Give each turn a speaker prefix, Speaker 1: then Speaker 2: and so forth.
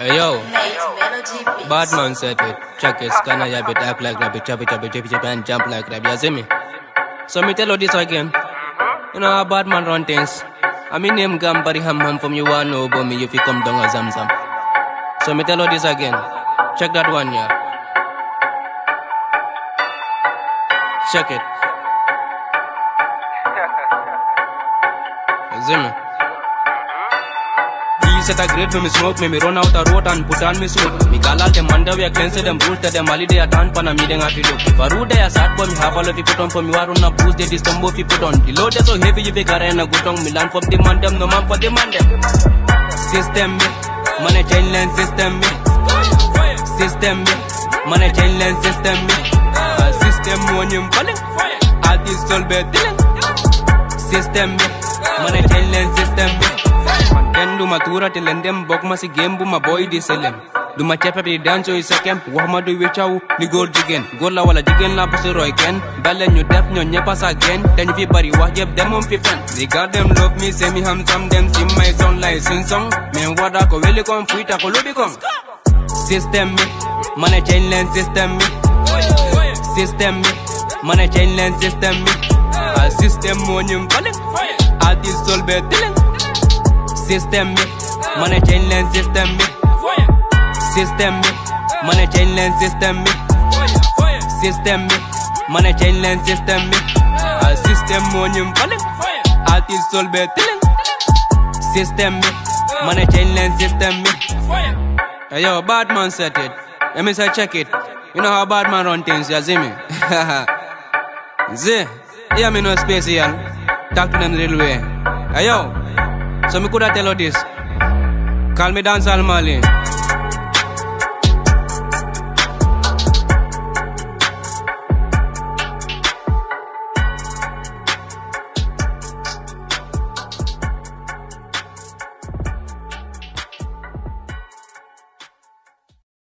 Speaker 1: Hey yo, bad man said it. Check it, scan a bit, act like rabbit, chubby, chubby, chubby, chubby, and jump like rabbit. You see me? So me tell you this again. You know how bad man run things. I mean name Gambari Ham Ham from you one. know about me if you come down a zam zam. So me tell you this again. Check that one, yeah. Check it. You see me? Police at a grade for me smoke, me me run out the road and put on me suit. Me call all them underwear, cleanse them rules, tell them all they are done for a meeting at you. For who they are sad for me, have all of you put on for me, war on a boost, they distumble if you put on. The load is so heavy, you figure and a good tongue, me land from the man them, no man for the man them. System me, man a chain lens system me. System me, man a chain lens system me. System on you falling, all this soul be dealing. System me, man a chain lens system me. den duma tura te lendem bok masi gembu ma boy di selem duma chepe bi dancho i sekem wax ma du wiccaw ni góor jigen góor la wala jigen la basi roy ken balle ñu def ñoo ñëppa sa gen dañu fi bari wax dem mom fi fen si gardem love me say me ham sam dem ci may son lay sin song me wada ko weli kom ta ko lubi kom system mi mané chain len system mi system mi mané chain len system mi a system mo ñum bale a di solbe dilen System system System system me, me. me, me. money money Sistemi Managerialen sistemi Sistemi Managerialen sistemi Sistemi Managerialen sistemi Al sistemi onyum palim Alti solbe tilim Sistemi Managerialen sistemi Hey yo, bad man set it Let me say check it You know how bad man run things, you see me? Zee, hear me no special. here Talk to them real way Hey yo so me coulda tell her this. Call me Danzal Marley.